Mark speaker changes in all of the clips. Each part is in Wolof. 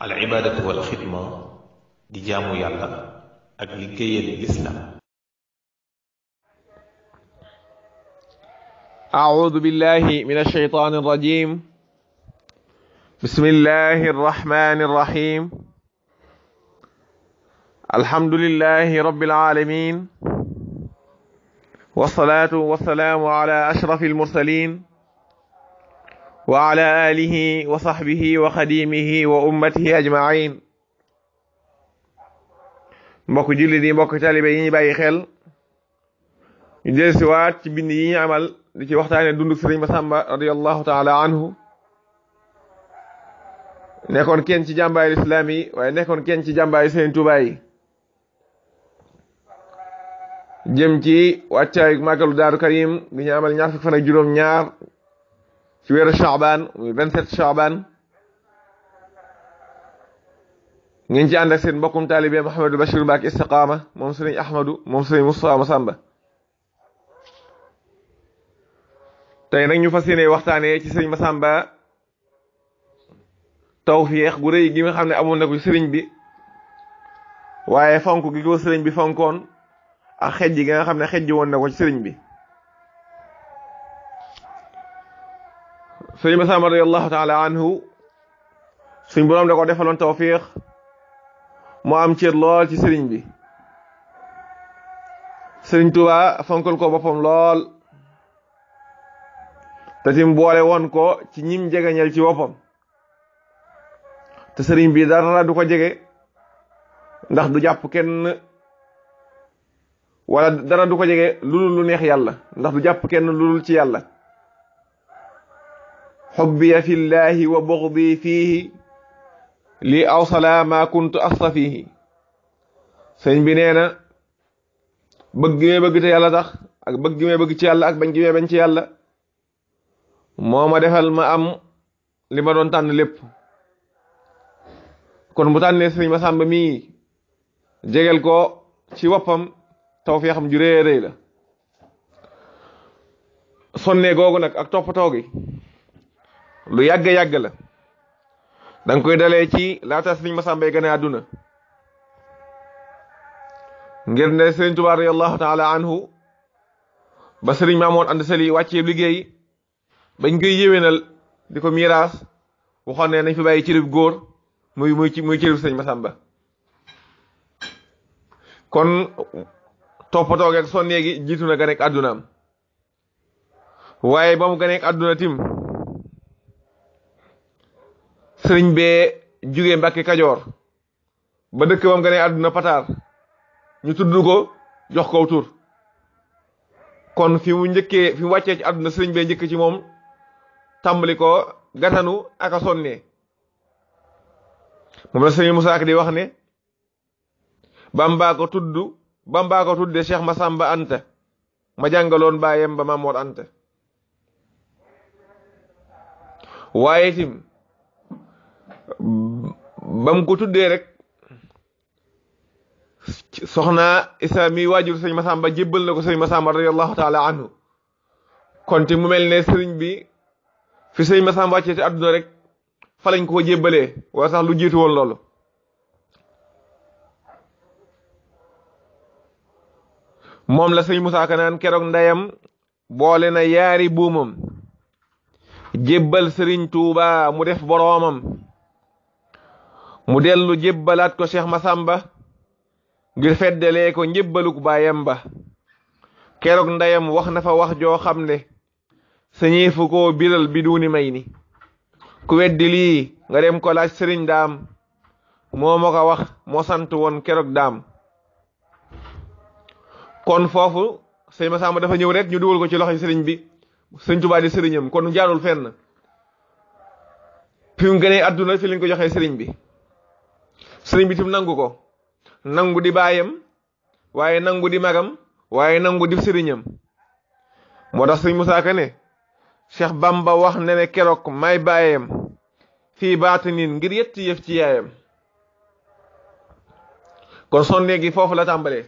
Speaker 1: al ibaadatu wal xidma di jaamu yàlla ak liggéeyal lislaam أعوذ بالله من الشيطان الرجيم بسم الله الرحمن الرحيم الحمد لله رب العالمين والصلاة والسلام على أشرف المرسلين wa ala alihi wa sahbihi wa xadimihi wa ummatihi ajmain mbokk jullit mbokk talibe yi ñu bàyyi xel ñu ci bind yi amal di ci waxtaane dundug sëriñ Masamba radiallahu kenn ci jàmbaayu lislaam yi waaye nekkoon kenn ci jàmbaayu sëriñ Tuubaa yi ci wàccaayu màggalu daaru karim bi ñaar fukk fan juróom ñaar ci weeru Chaabaan muy 27 Chaabaan ngeen ci ànd ak seen mbokkum taalibe Mouhamadou Bachir Mbacké Istiqaama moom seriñ Ahmadou moom sëriñ Moustapha Massamba tey nag ñu fas yéene waxtaanee ci sëriñ Massamba tawféex gu rëy gi nga xam ne amoon na ko sëriñ bi waaye fonk gi ko sëriñ bi fonkoon ak xej gi nga xam ne xej woon na ko ci sëriñ bi sëñ Massamba radiyallahu taala anhu suñ boroom da ko defaloon tawfiix moo am cër lool ci sëriñ bi sëriñ Tuuba fonkal ko boppam lool te tim boole woon ko ci ñim jegeñal ci boppam te sëriñ bi dara du ko jege ndax du jàpp kenn walla dara du ko jege lu lu neex yàlla ndax du jàpp kenn lu dul ci yàlla xubbiya fi llahi wa buxdi fiihi li awsala ma kuntu asta fiihi sëñ bi nee na bëgg gi bëgg te yàlla tax ak bëgg gi bëgg ci yàlla bañ gi bañ ci yàlla moo ma defal ma am li ma doon tànn lépp kon mu tànnee sëñ Masamba mii jegel ko ci woppam taw am ju rëy a rëy la sonnee googu nag ak toppatoo gi lu yàgga yàgg la da koy dalee ci laata sëriñ Masamba gane àdduna ngir ne sëriñ Tuubaa radiyallahu taala anhu ba sëriñ Maamoon ànd sali wàccee liggéey bañ koy yéwénal di ko miiraas waxoon ne nañ fi bàyyi cërib góor muy muy muy cërib Masamba kon toppatoo geeg sonnee gi jiitu na ganeek àddunaam waaye ba mu ganeek àdduna tim sëriñ bee jugee Mbàkke Kajoor ba dëkk bam nga ne àdduna pataar ñu tudd ko jox ko tur kon fi mu njëkkee fi mu wàccee ci àdduna sëriñ bee njëkk ci moom tàmbali ko gatanu ak a sonnee moom la sëriñ Musaa Ka di wax ne Bamba ko tudd Bamba ko tudde Cheikh Masamba Anta ma jàngaloon baayam ba Mamoor Anta waaye tim ba ko tuddee rek soxna isa mi waajur sëñ Masamba jébbal na ko sëñ Masamba radiyallahu taala anhu kon te mu mel ne sëriñ bi fi sëñ Masamba wàccee ci àdduna rek fa lañ ko jébbalee wala sax lu jiitu woon loolu moom la sëñ Moussa Kanaan keroog ndeyam boole na yaari buumam jébbal sëriñ Tuuba mu def boroomam mu dellu jébbalaat ko Cheikh Masamba ngir feddalee ko njébbaluk baayam ba keroog ndeyam wax na fa wax joo xam ne sañeefu koo biral bi duuni may ni ku weddi lii nga dem ko laaj sëriñ daam moo ma wax moo sant woon keroog daam kon foofu sëñ Masamba dafa ñëw rek ñu dugal ko ci loxo sëriñ bi sëñ Tuubaa di sëriñam kon jaarul fenn na mu gënee àdduna fi lañ ko joxee sëriñ bi sëriñ bi tim nangu ko nangu di baayam waaye nangu di magam waaye nangu di sëriñam moo tax sëriñ Musaa Ka ne Cheikh Bamba wax ne ne keroog may baayam fii baatinin ngir yetti yëf ci yaayam kon son gi foofu la tàmbalee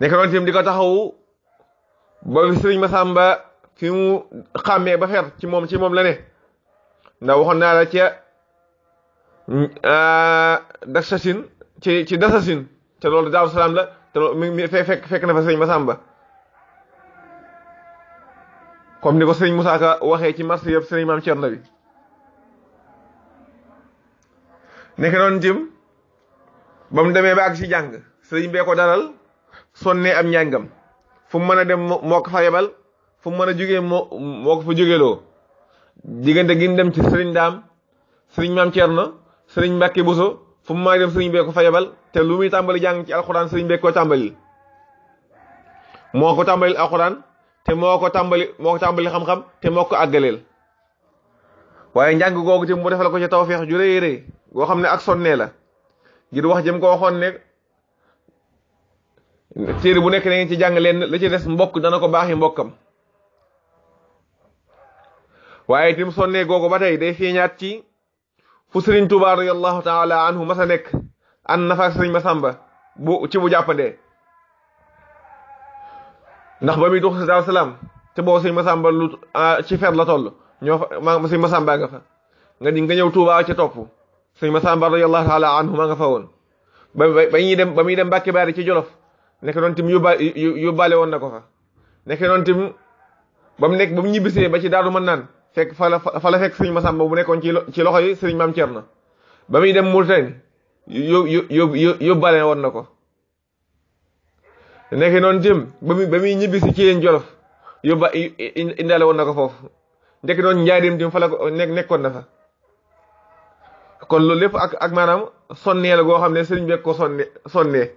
Speaker 1: nekk noonu tim di ko taxawu ba sëriñ Masamba fi mu xàmmee ba fer ci moom ci moom la ne ndax waxoon naa la ca Euh, Daxasine ci ci Daxasine te loolu Daaru Salaam la te loolu mi fekk fekk na fa sëñ Masamba comme ni ko sëñ Moussa Ka waxee ci marché yëpp sëñ Maam Cerno bi nekk noonu jëm ba mu demee ba àgg si jàng sëñ bee ko daral sonnee am njàngam fu mu mën a dem moo ko fa yebal fu mu mën a jógee moo moo ko fa jógeeloo diggante gi dem ci sëriñ daam sëriñ Maam Cerno sëriñ Mbàkke Buso fu mu maay dem sëriñ bee ko fa yebal te lu muy tàmbali jàng ci alxuraan sëriñ bee ko tàmbalil moo ko tàmbalil alxuraan te moo ko tàmbali moo ko tàmbali xam-xam te moo ko àggaleel waaye njàng googu ci mu defal ko ci tawfeex ju rëy rëy goo xam ne ak sonnee la ngir wax jëm ko waxoon ne téere bu nekk na ci jàng leen la ci des mbokk dana ko baaxi mbokkam waaye tim sonnee googu ba tey day feeñaat ci fu sëriñ Tuuba radiyallahu taala anhu masa nekk an nafaak sëriñ Masamba bu ci bu jàppandee ndax ba muy dux si daal salaam te boo sëriñ Masamba lu ah, ci fer la toll ñoo fa ma sëriñ Masamba nga di nga ñëw Tuuba ca topp sëriñ Masamba radiyallahu taala anhu maa nga fa woon ba ba ñuy dem ba muy dem Mbàkke Baari ci Jolof nekk noonu tim yóbba yóbbaale woon na ko fa nekk noonu tim ba mu nekk ba mu ñibbisee ba ci daaru man naan fekk fa la fa la fekk sëriñ Masamba bu nekkoon ci ci loxo yi sëriñ Maam na ba muy dem Mauritanie yób yób yóbbaale woon na ko nekk noon jëm ba muy ba muy ñibbisi ci yéen Jolof yóbba indaale woon na ko foofu ndekk noon njaarim jëm fa la nekk nekkoon na fa kon loolu lépp ak ak maanaam sonnee la goo xam ne sëriñ bi ko sonne sonnee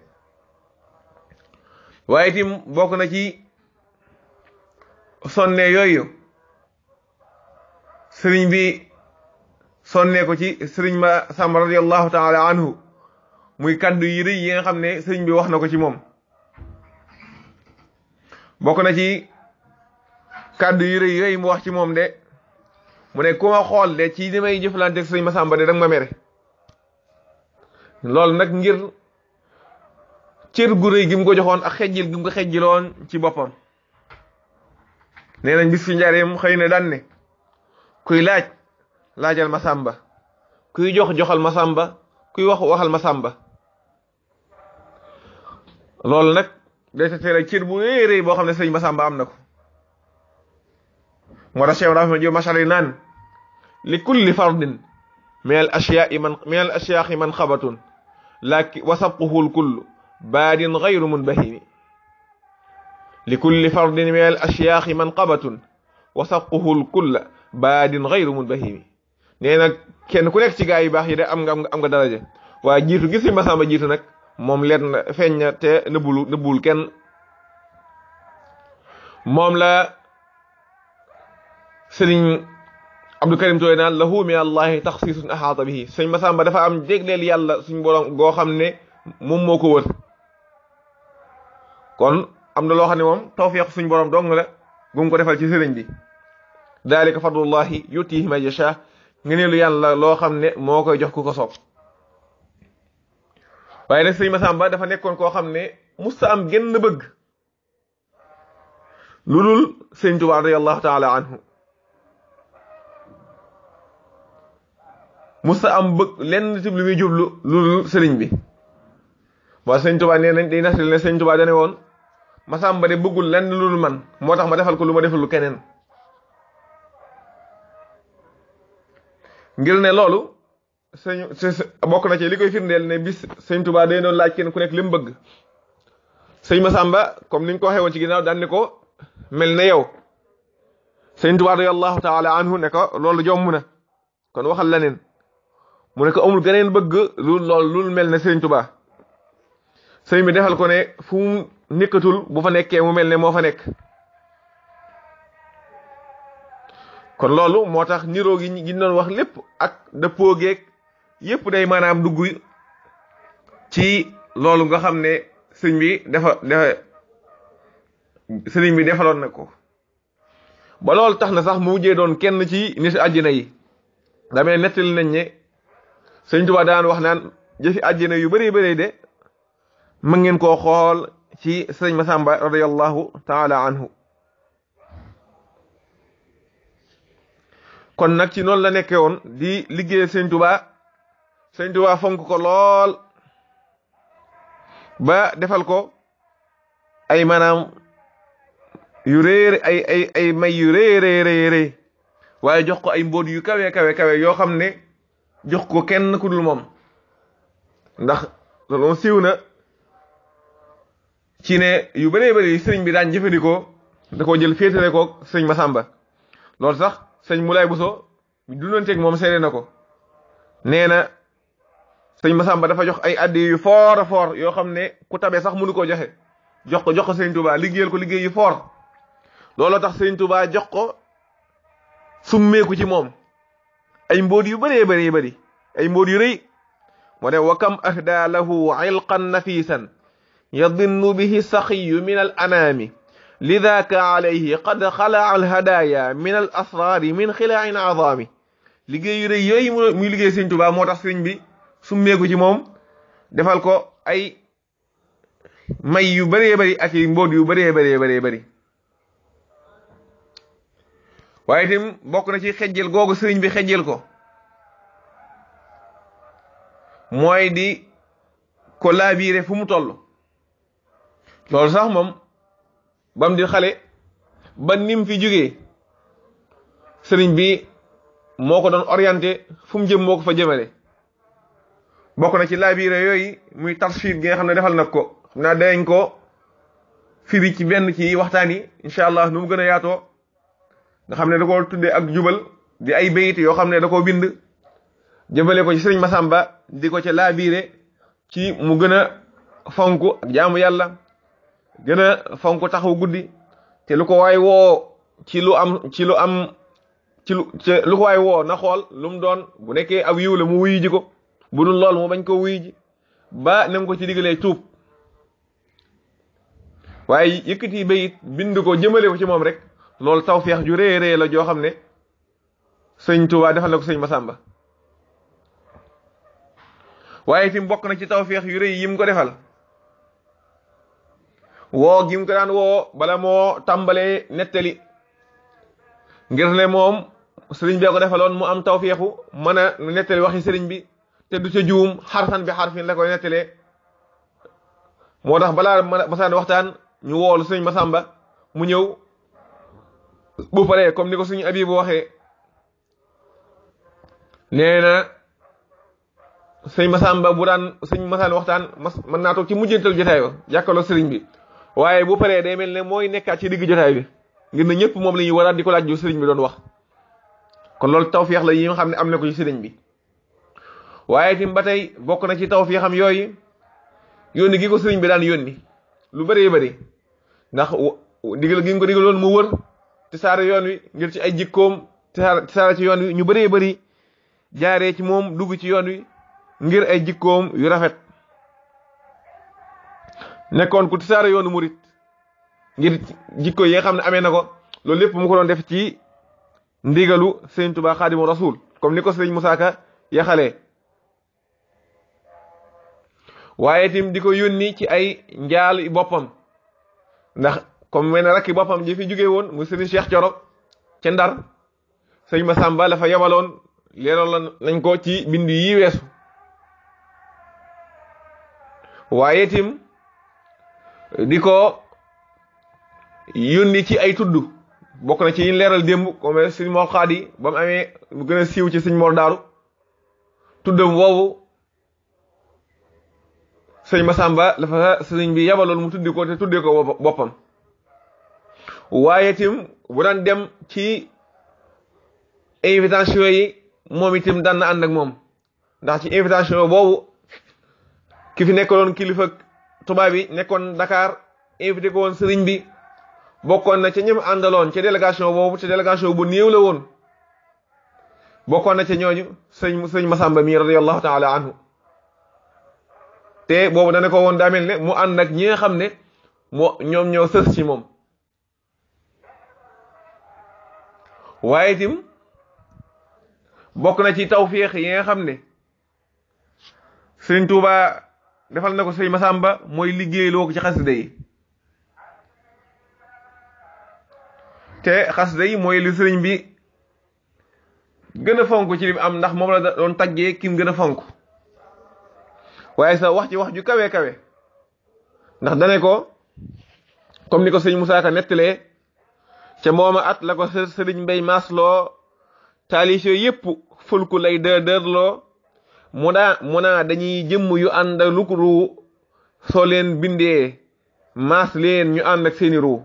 Speaker 1: waaye itam bokk na ci sonne yooyu sëriñ bi sonnee ko ci sëriñ ma sàmba radiallahu taala anhu muy kàddu yi rëy yi nga xam ne sëriñ bi wax na ko ci moom bokk na ci kàddu yu rëy yooyu mu wax ci moom de mu ne ku ma xool de ci li may jëflanteeg sëriñ ma sàmba de danga ma mere loolu nag ngir cër gu rëy gi mu ko joxoon ak xejjil gi mu ko xejjiloon ci boppam nee nañ bis ci njaareem xëy na daan ne kuy laaj laajal ma sàmba kuy jox joxal ma kuy wax waxal ma sàmba loolu nag day teeral cër bu réeréy boo xam ne sëñ ma am na ko moo tax cheikh rafi ma jiw machar yi naan li kulli fardin min al ashyaa'i man min al ashyaa'i man xabatun laakin wa sabquhu l kullu baadin gayru munbahimi li kulli fardin min al ashyaa'i man xabatun wa sabquhu l kulla baa baadin xayru munbahimi nee nag kenn ku nekk ci gaa yu baax yi de am nga am nga daraja waaye jiitu gis fi Masamba jiitu nag moom leer na feeñ na te nëbbulu nëbbul kenn moom la sëriñ Abdou Karim Touré naan lahu min allahi taxsiisun axaata bihi sëñ Masamba dafa am jégleel yàlla suñ borom goo xam ne moom moo ko wër kon am na loo xam ne moom tawfiq suñ borom dong la gum ko defal ci sëriñ bi daalika fadlullahi yutihi man yasha ngeneelu yàlla loo xam ne moo koy jox ku ko soob waaye nag sëñ Masamba dafa nekkoon koo xam ne musta am genn bëgg lu dul sëñ Tuubaa radiyallahu taala anhu musta am bëgg lenn tib lu muy jublu lu dul sëriñ bi waa sëñ Tuubaa ne nañ day naxtal ne sëñ Tuubaa dane woon Masamba de bëggul lenn lu dul man moo tax ma defal ko lu ma defal lu keneen ngir ne loolu sëñ bokk na ci li koy firndeel ne bis sëñ Tuubaa day doon laaj kenn ku nekk li mu bëgg sëñ Masamba comme ni ñu ko waxee woon ci ginaaw daan ko mel na yow sëñ Tuubaa radiyallahu taala anhu ne ko loolu jomm na kon waxal leneen mu ne ko amul geneen bëgg lu loolu lu mel ne sëñ Tuubaa sëñ bi defal ko ne fu mu nekkatul bu fa nekkee mu mel ne moo fa nekk kon loolu moo tax niroo gi gin doon wax lépp ak dëppoo geeg yépp day maanaam dugg ci loolu nga xam ne sëñ bi dafa dafa sëriñ bi defaloon na ko ba loolu tax na sax mu mujjee doon kenn ci ni si àjjina yi damay nettali nañ ne sëñ Tuubaa daan wax naan jëfi àjjina yu bëree bëri de mën ngeen koo xool ci sëriñ Masamba radiyallahu taala anhu kon nag ci noonu la nekke woon di liggéey sëñ Tuubaa sëñ Tuubaa fonk ko lool ba defal ko ay maanaam yu réer ay ay waaye jox ko ay mbóot yu kawe kawe kawe yoo xam ne jox ko kenn ku dul moom ndax loolu siiw na ci ne yu bare bëri sëriñ bi daan jëfandikoo da ko jël féetale koog sëriñ Masamba loolu sax sëñ Moulay Bousso dundanteeg moom seede na ko nee na sëñ Massamba dafa jox ay addi yu foor a foor yoo xam ne ku tabe sax mënu ko joxe jox ko jox ko sëñ Touba liggéeyal ko liggéey yu foor looloo tax sëñ Touba jox ko summeeku ci moom ay mboot yu bëree bëree bari ay mbóot yu rëy moo wa kam ahdaa lahu ilqan nafisan yadinnu bihi saxiyu min al anaami lidaka alayhi qad xalaa al hadaya min al asraari min xilaain azaami liggéeyu muy liggéey sëñ Tuubaa moo tax sëñ bi summeeku ci moom defal ko ay may yu bëree bari ak i mbóot yu bëree bëree bari bëri waaye itam bokk na ci xejjel googu sëriñ bi xejjel ko mooy di ko laabiire fu mu toll loolu sax moom ba di xale ba nim fi jógee sëriñ bi moo ko doon orienté fu mu jëm moo ko fa jëmale bokk na ci laabiire yooyu muy tafsir gi nga xam ne defal nag ko xam naa dañ ko fi bi ci benn ci waxtaan yi incha allah nu gën a yaatoo nga xam ne da ko tuddee ak jubal di ay bayit yoo xam ne da bind jëmale ko ci sëriñ Masamba di ko ca laabiire ci mu gën a fonk ak jaamu yàlla gën a fonk taxaw guddi te lu ko waay woo ci lu am ci lu am ci lu lu ko waay woo na xool lu doon bu nekkee aw yiw mu wuyu ji ko bu dul lool mu bañ ko wuyu ji ba na ko ci digalee tuub waaye yëkkati bayit bind ko jëmale ko ci moom rek loolu tawfeex yu rëy rëy la joo xam ne sëñ Tuubaa defal na ko sëñ Masamba waaye itam mbokk na ci feex yu yi mu ko defal woo gim ko daan woo bala moo tàmbalee nettali ngir ne moom sëriñ bee ko defaloon mu am taw tawféexu mën a nettali waxi sëriñ bi te du ca juum xarfan bi xar xarfin la koy nettalee moo tax balaa masaan waxtaan ñu woolu sëriñ Masamba mu ñëw bu paree comme ni ko sëriñ Abibu waxee nee na sëriñ Masamba bu daan sëriñ masaan waxtaan mas mën naa toog ci mujjantal jotaay ba jàkkaloo sëriñ bi waaye bu paree day mel ne mooy nekkaat ci digg jotaay bi ngir ne ñëpp moom la ñuy waraat di ko laaj ju sëriñ bi doon wax kon fi yax la yi nga xam ne am na ko ci sëriñ bi waaye tim ba tey bokk na ci taw fi tawféexam yooyu yónni gi ko sëriñ bi daan yónni lu bëree bëri ndax digal gi nga ko digaloon mu wër te saare yoon wi ngir ci ay jikkoom te saare ci yoon wi ñu baree bëri jaaree ci moom dugg ci yoon wi ngir ay jikkoom yu rafet nekkoon ku tasaare yoonu murit ngir jikko yi nga xam ne amee na ko loolu lépp mu ko doon def ci ndigalu sëriñ Tuubaa Xaadimu Rasuul comme ni ko sëriñ mu saaka yaxalee waaye tim di ko yónni ci ay njaal boppam ndax comme mel ne rakki boppam ji fi jóge woon mu sëriñ Cheikh Coro ca Ndar sëriñ Masamba la fa yamaloon leeroon lañ ko ci bind yi weesu waaye tim di ko yónni ci ay tudd bokk na ci yi leeral démb comme sëñ Mor Xaadi ba mu amee mu gën a siiw ci sëñ Mor Daaru tuddam woowu sëñ Masamba dafa sëñ bi yabaloon mu tuddi ko te tuddee ko boppam waaye itam bu daan dem ci invitation yi moom itam daan na ànd ak moom ndax ci invitation boobu ki fi nekkaloon kilifa tubaab yi nekkoon Dakar invité woon sëriñ bi bokkoon na ca ñëm àndaloon ca délégation boobu ca délégation bu néew la woon bokkoon na ca ñooñu sëñ sëñ Masamba mi radiyallahu taala anhu te boobu dana ko woon daa ne mu ànd ak ñi nga xam ne moo ñoom ñoo sës ci moom waaye itam bokk na ci tawfiix yi nga xam ne sëriñ Tuubaa defal na ko sëñ Masamba mooy liggéeyloo ko ci xasida yi te xasida day mooy li sëriñ bi gën a fonk ci lim am ndax moom la doon taggee kim gën a fonk waaye sa wax ci wax ju kawe kawe ndax dane ko comme ni ko sëñ Moussa Ka nettalee ca a at la ko sëriñ Mbay Maasloo taalis yooyu yëpp fulku lay dër dërloo mu daa mu naa dañuy jëmm yu ànd ak luk ruu soo leen bindee mas leen ñu ànd ak seeni ruu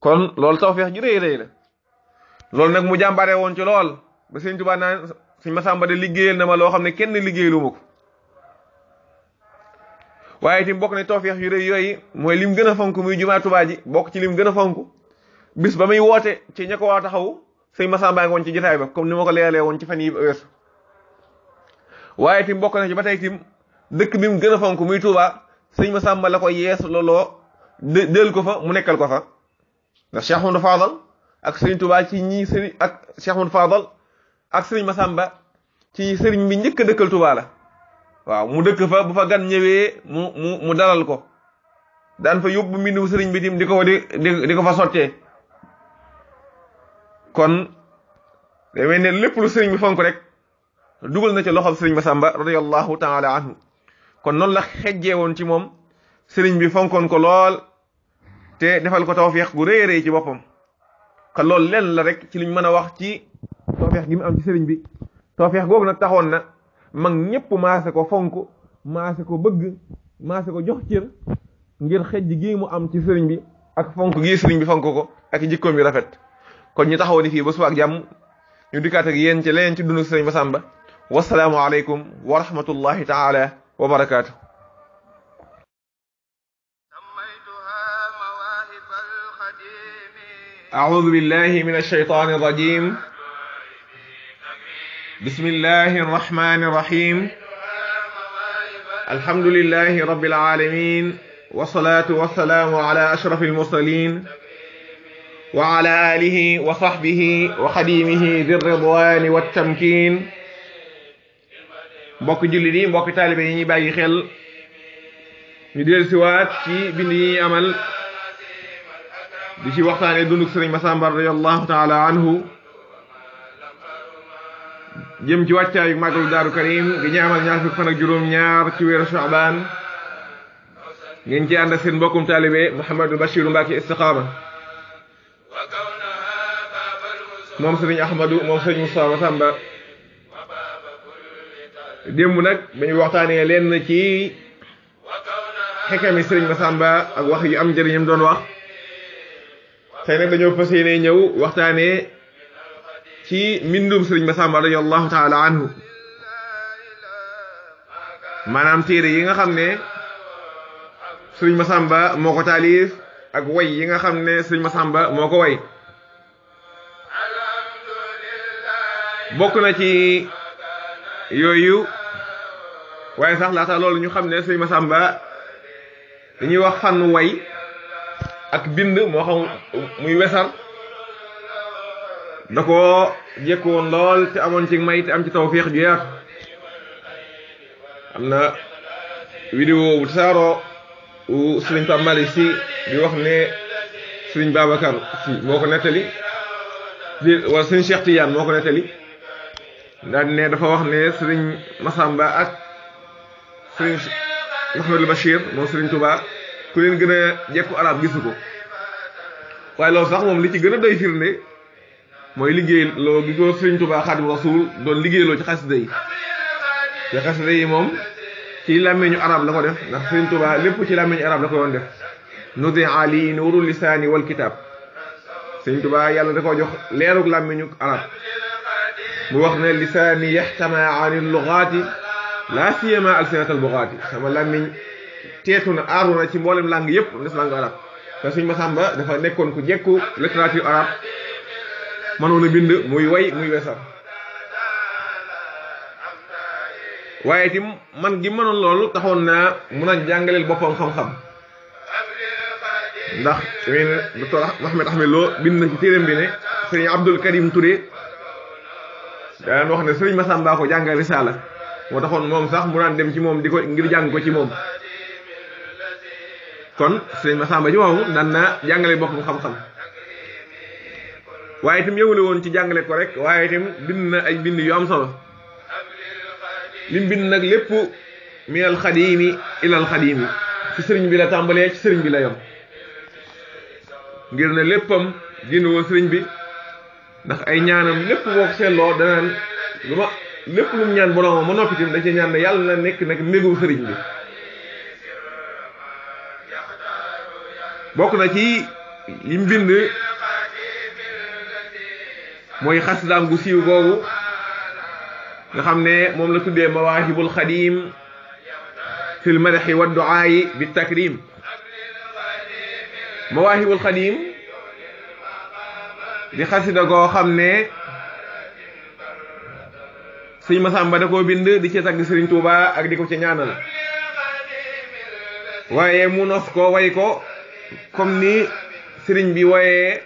Speaker 1: kon loolu tawfeex ju rëy rëy la loolu nag mu jàmbaare woon ci lool ba sëñ Tuubaa naan sëñ Masamba de liggéeyal na ma loo xam ne kenn liggéeyalu ma ko waaye itam bokk na tawfeex yu rëy yooyu mooy lim gën a fonk muy jumaa Tuubaa ji bokk ci lim gën a fonk bis ba muy woote ci ña waa taxaw sëñ Masamba ngi woon ci jotaay ba comme ni ma ko leeralee woon ci fan yi weesu waaye tim bokk na ci ba tey tim dëkk bi mu gën a fonk muy Touba sëñ Masamba la ko yeesu looloo del ko fa mu nekkal ko fa ndax Cheikh ak sëñ ci ñi sëriñ ak Cheikh ak sëñ Masamba ci sëriñ bi njëkk a dëkkal Touba la waaw mu dëkk fa bu fa gan ñëwee mu mu mu dalal ko daan fa yóbbu mbindu sëriñ bi tim di ko di di ko fa sottee kon demee ne lépp lu sëriñ bi fonk rek dugal na ci loxol sëriñ Masamba radiyallahu taala anhu kon noonu la xejjee woon ci moom sëriñ bi fonkoon ko lool te defal ko taw tawfeex gu rëy rëy ci boppam kon loolu lenn la rek ci liñ mën a wax ci tawfeex gi mu am ci sëriñ bi tawfeex googu nag taxoon na man ñëpp maase ko fonk maase ko bëgg maase ko jox cër ngir xejj gi mu am ci sëriñ bi ak fonk gi sëriñ bi fonk ko ak jikkoom yu rafet kon ñu taxaw ni fii ba suba ak jàmm ñu dikkaat ak yéen ci leneen ci dundu sëriñ Masamba wasalaamu aleykum wa rahmatullahi taala wa barakaatu أعوذ بالله من الشيطان الرجيم بسم الله الرحمن الرحيم الحمد لله رب العالمين والصلاة والسلام على أشرف المرسلين wa ala alihi wa sahbihi wa xadimihi di ridwani wa tamkin mbokk jullit yi mbokk taalibe yi ñuy bàyyi xel ñu del siwaat ci bind yi amal di ci waxtaane dundug sëriñ Masamba radiyallahu taala anhu jëm ci wàccaayu màggalu daaru karim gi ñu amal ñaar fukk fan ak juróom ñaar ci weeru Shaaban ngeen ci ànd ak seen mbokkum taalibe Mouhamadou Bachirou Mbacké istiqaama moom sëriñ Ahmadou moom sëriñ Moussa Massamba démb nag dañu waxtaanee lenn ci xekami sëriñ Massamba ak wax yi am njëriñam doon wax tey nag dañoo fas yéene ñëw waxtaanee ci mbindum sëriñ Massamba radiyallahu taala anhu maanaam téere yi nga xam ne sëriñ Massamba moo ko taalif ak way yi nga xam ne sëñ Masamba moo ko way bokk na ci yooyu waaye sax laata loolu ñu xam ne sëñ Masamba dañuy wax fànn way ak bind moo xam muy wesar da ko jekk woon lool te amoon ci may te am ci tawféex ju yaatu am na vidéo bu tasaaroo sëriñ Pape Malick si di wax ne sëriñ Babacar si moo ko nettali wala sëriñ Cheikh moo ko nettali daal ne dafa wax ne sëriñ Massamba ak sëriñ Mouhamadul Bachir moom sëriñ Touba ku leen gën a jekku arab gisu ko waaye loolu sax moom li ci gën a doy firnde mooy liggéey loo gi ko sëriñ Touba Xaadimu Rasuul doon liggéey loo ci xasida yi te xasida yi moom ci làmmiñu arab la ko def ndax Sëriñ Tuubaa lépp ci làmmiñu arab la ko doon def nudi ali nuuru lisaani wal kitaab Sëriñ Tuubaa yàlla da koo jox leerug làmmiñu arab mu wax ne lisaani yaxtama ani lugaati laa siyama alsinatal sama làmmiñ teetu na aaru na ci mboolem làng yépp des làng arab te suñ Masamba dafa nekkoon ku jekku littérature arab mënoon bind muy way muy wesar waaye itam man gi mënoon loolu taxoon naa mun a jàngaleel boppam xam-xam ndax mel ne docteur Mohamed Ahmed Lo bind na ci téeram bi ne sëriñ Abdul Karim Touré daan wax ne sëriñ Masamba ko jàngal risaala moo taxoon moom sax mu daan dem ci moom di ko ngir jàng ko ci moom kon sëriñ Masamba ci moomu daan naa jàngale boppam xam-xam waaye itam yëwule woon ci jàngale ko rek waaye itam bind na ay bind yu am solo li mu bind nag lépp minal xadiimi ilal xadiimi ci sëriñ bi la tàmbalee ci sëriñ bi la yom ngir ne léppam génn woon sëriñ bi ndax ay ñaanam lépp boo ko danaan lu ma lépp lu ñaan boroomam ma noppitim da ci ñaan ne yàlla na nekk nag néegu sëriñ bi bokk na ci li mu mooy xas daam gu siiw googu nga xam ne moom la tuddee mawaahibul xadim fil madaxi wa duaayi bi takrim mawaahibul xadim di xasida goo xam ne sëñ Masamba da koo bind di ci tagg sëriñ Tuuba ak di ko ci ñaanal waaye mu nos ko woy ko comme ni sëriñ bi woye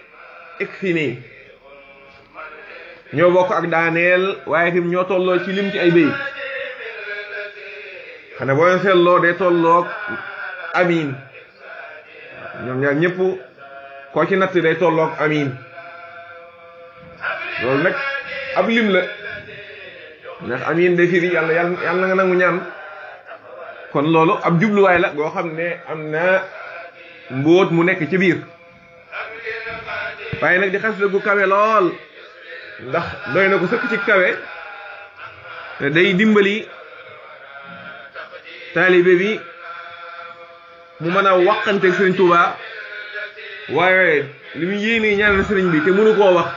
Speaker 1: ik ni ñoo bokk ak daaneel waaye tim ñoo tolloo ci lim ci ay béy xanaa boo leen seetloo day tolloog amiin ñoom ñaar ñëpp koo ci natt day tolloog amiin loolu nag ab lim la ndax amiin day firi yàlla yàlla na nga nangu ñaan kon loolu ab jubluwaay la goo xam ne am na mbóot mu nekk ci biir waaye nag di xas la gu lool ndax doy na ko sëkk ci kawe day dimbali taalibe bi mu mën a waqanteeg sëriñ Tuuba waaye li mu yéenee ñaanal sëriñ bi te mënu koo wax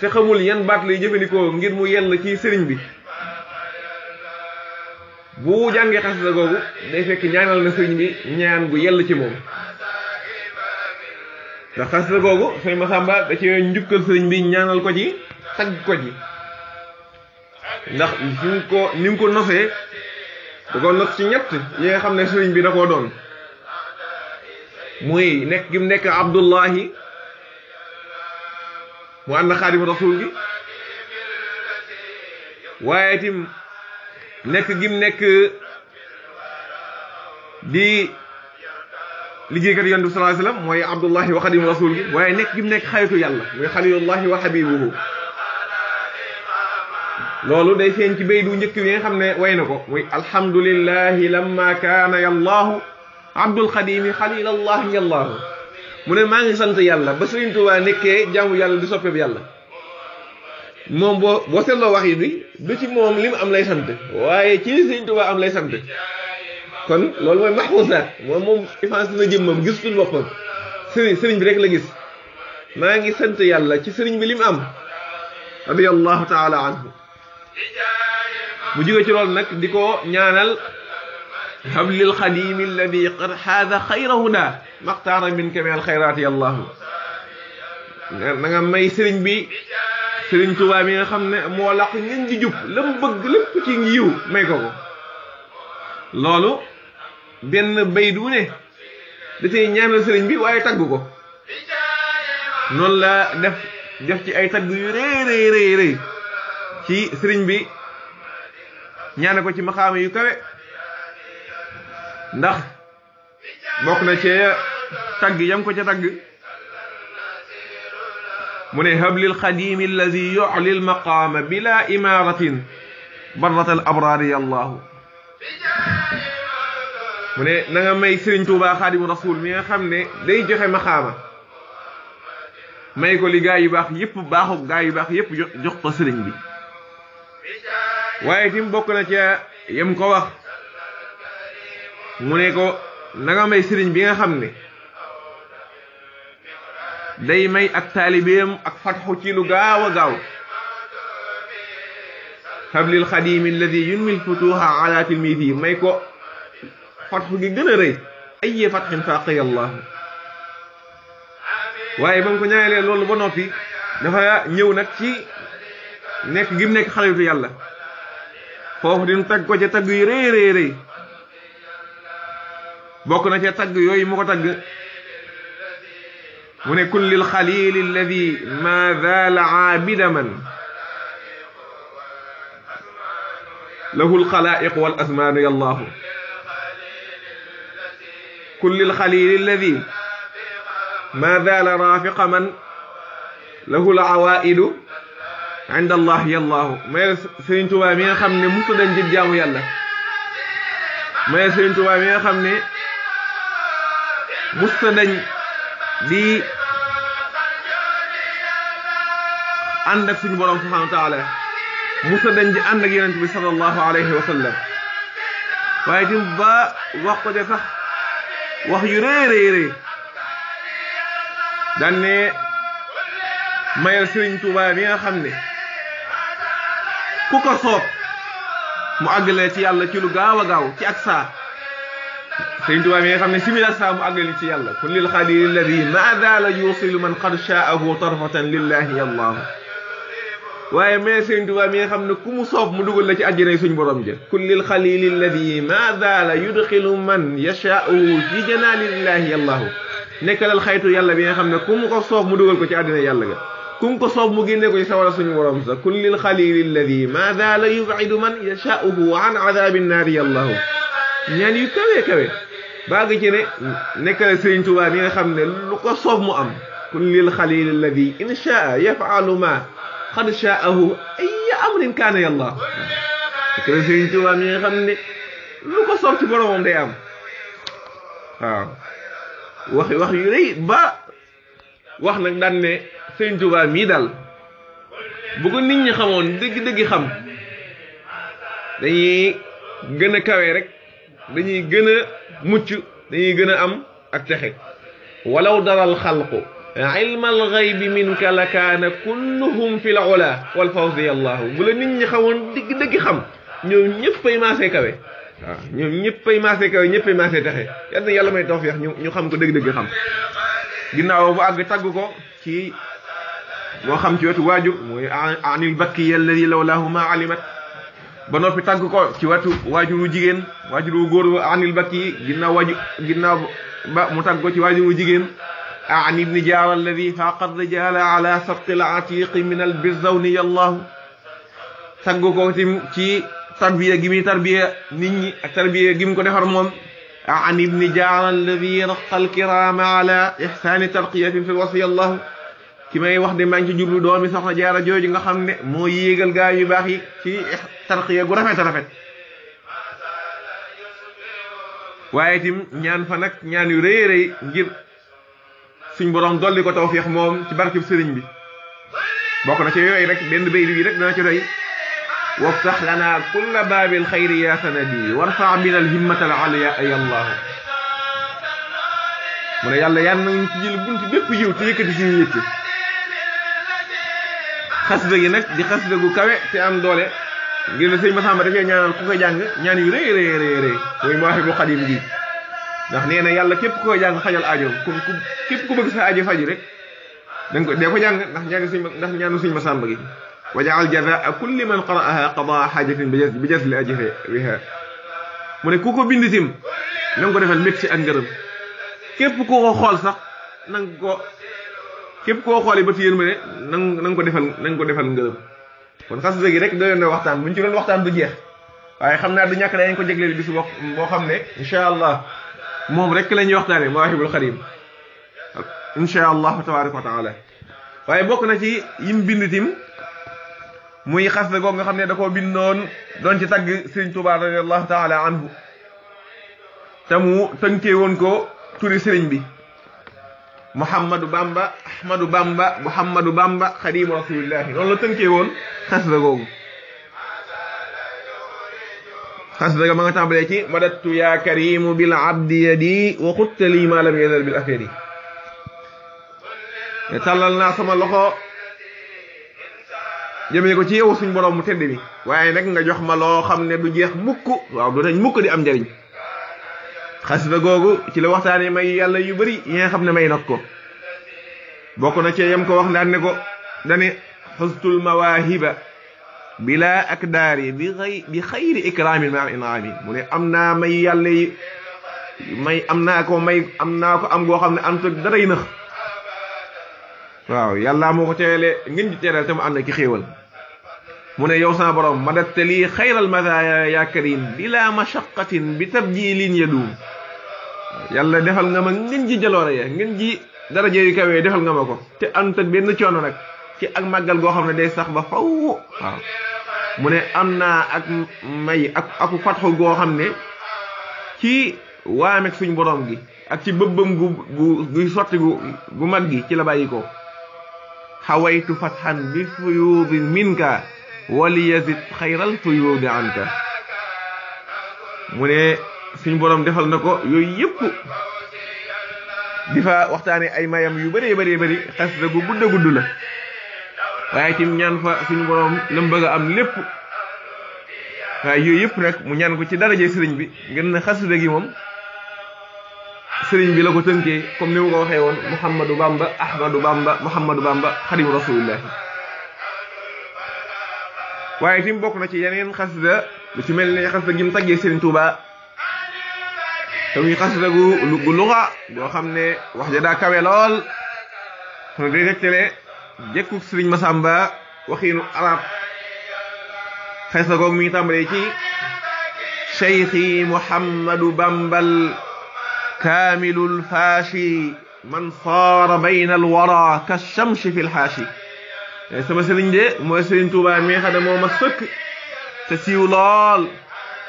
Speaker 1: te xamul yan baat lay jëfandikoo ngir mu yell ci sëriñ bi bu jàngee xasida googu day fekk ñaanal na sëriñ bi ñaan gu yell ci moom ndax xasida googu sëriñ Masamba da ci njukkal sëriñ bi ñaanal ko ci tagg ko ji ndax ni nga ko ni ko nosee da ko nos ci ñett ñi nga xam ne sëriñ bi da koo doon muy nekk gi mu nekk abdullahi mu ànd xaadimu rasul gi waaye tim nekk gi mu nekk di liggéeykat yonent bi sallallahu alayhi wasallam mooy abdullahi wa xaadimu rasul gi waaye nekk gi nekk xaritu yàlla muy xalilullahi wa habibuhu loolu day feeñ ci bay du njëkk yi nga xam ne way na ko muy alhamdulillahi lamma kaana yallaahu abdul xadimi xalilallahi yallaahu mu ne maa ngi sant yàlla ba Sëriñ Tuubaa nekkee jaamu yàlla di soppeeb yàlla moom boo boo seetloo wax yi bi du ci moom li mu am lay sant waaye ci li Sëriñ Tuubaa am lay sant kon loolu mooy maxfuusaat moom moom ifance dina jëmmam gisul boppam sëriñ sëriñ bi rek la gis maa ngi sant yàlla ci sëriñ bi li mu am radiyallahu taala mu jóge ci loolu nag di ko ñaanal hablil xadimi alladi qad xaada xayra huda maxtaara min kameel xayraati allahu na may sëriñ bi sëriñ Tuubaa mi nga xam ne moo laq ngeen di jub la mu bëgg lépp ci yiw may ko ko loolu benn bay du ne da cay ñaanal sëriñ bi waaye tagg ko noonu la def def ci ay tagg yu rëy rëy rëy ci sëriñ bi ñaane ko ci maxaama yu kawe ndax bokk na ci tagg yam ko ca tagg mu ne hablil xadimi alladi yuxli almaqaama bila imaratin barrat al mu ne na may sëriñ tuubaa xaadimu rasul mi nga xam ne day joxe maxaama may ko li gaa yu baax yëpp baaxu gaa yu baax yëpp jox ko sëriñ bi waaye tim bokk na ca yem ko wax mu ne ko nanga may sëriñ bi nga xam ne day may ak taalibeem ak fatxu ci lu gaaw a gaaw hablil xadimi alladi yunmil futuha ala tilmidi may ko fatxu gi gën a rëy ayee fatxin faqiya allah waaye ba mu ko ñaanee loolu ba noppi dafa ñëw nag ci nekk gi mu nekk xaritu yàlla foofu dinu tagg ko ca tagg yu rëy rëy rëy bokk na ca tagg yooyu mu ko tagg mu ne kun lil xalil alladi ma zaala aabida man lahu alxalaiq wal asmaanu yallaahu kun lil xalil alladi ma zaala raafiqa man lahu alawaidu inda allah yallaahu may la Sëriñ Tuubaa mi nga xam ne musu dañ ci jaamu yàlla may la Sëriñ Tuubaa mi nga xam ne musu dañ di ànd ak suñu borom subhaanahu wa taala musu dañ di ànd ak yonent bi sallallahu alayhi wa sallam waaye tim ba wax ko de sax wax yu rëy rëy rëy daan ne mayal Sëriñ Tuubaa mi nga xam ne ku ko soob mu àggalee ci yàlla ci lu gaaw a gaaw ci ak saa sëriñ Tuubaa mi nga xam ne simila saa mu àggali ci yàlla kun lil xalil alladi ma daala yusilu man qad shaahu tarfatan lillahi allahu waaye mais sëriñ mi nga xam ne ku mu mu dugal la ci àjjana suñ borom jë kun lil xalil alladi ma daala yudxilu man yàlla bi nga xam ne ku mu ko soob mu dugal ko ci àddina yàlla ga kum ko soob mu génne ko ci sawara suñu borom sa kun lil xalili alladi ma zaala yubcidu man yashauhu an adabi nnaari yallahu ñaan yu kawe kawe baa gi ci ne nekkale Sëriñ Tuubaa ni nga xam ne lu ko soob mu am kun lil xalili alladi in shaa yafalu ma qad shaahu ay amrin kaana yallah nekkale Sëriñ Tuubaa mi nga xam ne lu ko soob ci boromam day am waaw wax wax yu rëy ba wax nag daan ne sëñ Tuubaa mii daal bu ko nit ñi xamoon dëgg-dëgg xam dañuy gën a kawe rek dañuy gën a mucc dañuy gën a am ak texe walaw daral xalqu ilmal xaybi minka la kaana kulluhum fi l ula wal fawzi allahu bu la nit ñi xamoon dëgg-dëgg xam ñoom ñëppay maasee kawe ñoom ñëppay maasee kawe ñëppay maasee texe yal na yàlla may tawfiix ñu ñu xam ko dëgg-dëgg xam ginnaaw bu àgg tagg ko ci moo xam ci wetu waajur muy anil bakki alladi lawlaahu ma alimat ba noppi tàgg ko ci wetu waajur wu jigéen waajur wu góor wa anil bakki ginnaaw waaju ginnaaw ba mu tàgg ko ci waajur wu jigéen an ibni jaar alladi faaqa rijaala ala sabti l atiqi min al birzawniya allahu tàgg ko ci tarbiya gi muy tarbiya nit ñi ak tarbiya gi mu ko defar moom an ibni jaar alladi raqa alkiraama ala ixsaani tarqiyatin fi lwasiya allahu ki may wax de maa ngi ci jublu doomi soxna jaara jooju nga xam ne moo yéegal gaa yu baax yi ci tarqiya gu rafet rafet waaye tim ñaan fa nag ñaan yu rëy rëy ngir suñ borom dolli ko tawfiix moom ci barkeb sëriñ bi bokk na ci yooyu rek benn béy bi rek dana ci doy waftax lana kulla baabil xayri ya sanadi warfa bina alhimmata al aliya ay allahu mu ne yàlla yan nañu ci jël bunt bépp yiw te yëkkati suñu yëtte xasida gi nag di xasida gu kawe te am doole ngir ne sëñ Masamba dafee ñaanal ku ko jàng ñaan yu rëy rëy rëy rëy mooy maa fi bu xadim gi ndax nee na yàlla képp ku koy jàng xajal aajo ku képp ku bëgg sa aajo faju rek da nga ko dee ko jàng ndax ñaanu sëñ ndax ñaanu sëñ Masamba gi wa jaal jazaa kulli man qara'aha qadaa xaajatin bi jasli ajriha mu ne ku ko bind tim na ko defal mbég ci ak ngërëm képp ku ko xool sax na ko képp koo xoolee ba ti yéen ma ne nang na nga ko defal na nga ko ngërëm kon xasida gi rek doyoon na waxtaan buñ ci doon waxtaan du jeex waaye xam naa du ñàkk dañ ko bi si boo boo xam ne incha allah moom rek lañuy ñuy waxtaanee mawaahibul xadim incha allah tabaraka wa taala waaye bokk na ci yim bind tim muy xasida googu nga xam ne da koo bindoon doon ci tagg Serigne Touba radiallahu taala anhu te mu tënkee woon ko turi Serigne bi Muhammadu Bamba Ahmadu Bamba Muhammadu Bamba xadimu rasulillahi noonu la tënkee woon xasida googu xasida ga ma nga tàmbalee ci madattu yaa karimu bil abdi yadi wa xuttali ma lam yazal bil afiri te tàllal naa sama loxo jëmee ko ci yow suñ borom mu tedd bi waaye nag nga jox ma loo xam ne du jeex mukk waaw du dañ mukk di am njariñ xasida googu ci la waxtaane may yàlla yu bari yi nga xam ne may nag ko bokk na cee yam ko wax daan ne ko dane xustul mawaahiba bila akdaari bi xay bi xayri ikraamin ma inaami mu ne am naa may yàlla yi may am naa ko may am naa ko am goo xam ne antu daray nax waaw yàlla moo ko teele ngeen di teeral te mu ànd ki xéewal mu ne yow sama borom ma datta lii xayral madaaya yaa karim bila mashaqatin bi tabjilin yaduum yàlla defal nga ma ngeen ji jaloore ya ngeen ji daraje yu kawee defal nga ma ko te àndut ak benn coono nag ci ak màggal goo xam ne day sax ba faw waaw mu ne am naa ak may ak aku fatxu goo xam ne ci waameeg suñ boroom gi ak ci bëbbam gu gu guy sotti gu gu mag gi ci la bàyyi ko xawaytu fatxan bi fuyuudi minka wali yazid xayral fuyuudi anka mu ne suñ boroom defal na ko yooyu yëpp di fa waxtaane ay mayam yu bëree bëree bëri xasida gu gudd a gudd la waaye tim ñaan fa suñu borom lam bëgg a am lépp waaye yooyu yëpp nag mu ñaan ko ci daraje sëriñ bi ngeen na xasida gi moom sëriñ bi la ko tënkee comme ni mu ko waxee woon Muhammadu Bamba Ahmadu Bamba Muhammadu Bamba Xadimu Rasulillahi waaye tim bokk na ci yeneen xasida lu ci mel ne xasida gi mu taggee sëriñ Tuubaa te muy xasida gu gu goo xam ne wax ja daa kawe lool xana day tegtale jëkku sëriñ Masamba waxiinu arab xasida googu mi ngi tàmbalee ci cheikhi muhammadu bambal kaamilul faashi man saara bayna alwara ka shamsi fi lxaashi eh, sama sëriñ de mooy sëriñ Tuubaa lool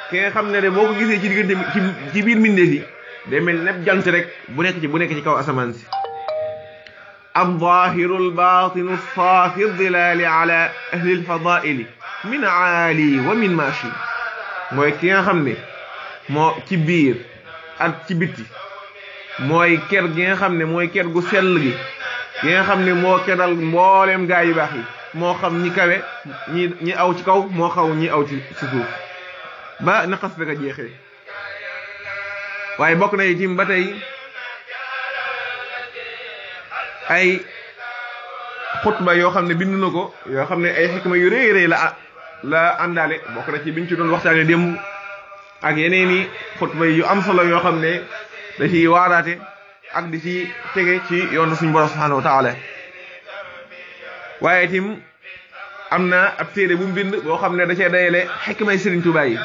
Speaker 1: ki nga xam ne de boo ko gisee ci diggante ci ci biir mbindeef yi day mel nepp jant rek bu nekk ci bu nekk ci kaw asamaan si الظاهر الباطن الصافي الظلال على أهل الفضائل من عالي ومن ماشي mooy ki xam ne moo ci biir ak ci biti mooy ker gi nga xam ne mooy ker gu sell gi gi nga xam ne moo keral mboolem gaa yu baax yi moo xam ñi kawe ñi ñi aw ci kaw moo xaw ñi aw ci suuf ba na xas bega jeexee waaye bokk na itim ba tey ay xutba yoo xam ne bind na ko yoo xam ne ay xikma yu rëy rëy la la àndaale bokk na ci biñ ci doon waxtaane démb ak yeneen i xutba yu am solo yoo xam ne da ciy ak ci tege ci yoonu suñu borom waaye itim am na ab téere bu mu bind boo xam ne da cee dayale xikmay Sëriñ Tuubaa yi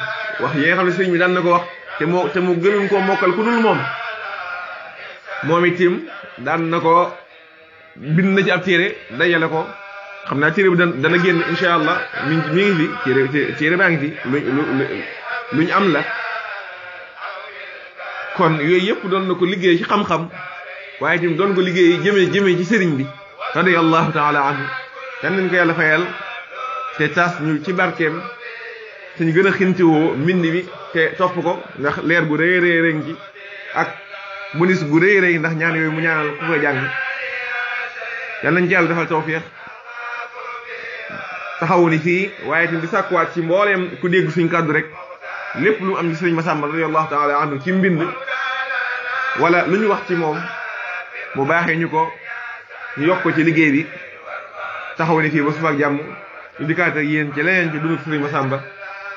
Speaker 1: wax yi xam ne sëriñ bi daan na ko wax te moo te mu gënuñ koo mokkal ku dul moom moom itim daan na ko bind na ci ab téere dajale ko xam naa téere bi dana dana génn incha allah mi ngi mi ngi téere baa ngi fi lu lu ñu am la kon yooyu yëpp doon na ko liggéey ci xam-xam waaye itam doon ko liggéey jëmee jëmee ci sëriñ bi radiyallahu taala anhu yan nañ ko yàlla fayal te taas ñu ci barkeem te ñu gën a xintiwoo mbind bi te topp ko ndax leer bu rëy rëy rëy ci ak mënis bu rëy rëy ndax ñaan yooyu mu ñaanal ku koy jàng yal nañ ci yàlla defal tawfeex taxawu ni fii waaye tamit di sàkkuwaat ci mbooleem ku dégg suñ kàddu rek lépp lu am ci sëriñ Masamba radiyallahu taala anhu ci mbind walla lu ñu wax ci moom mu baaxee ñu ko ñu yokk ko ci liggéey bi taxawu ni fii ba suba ak jàmm ñu dikkaat yéen ci leneen ci dundu ma sàmba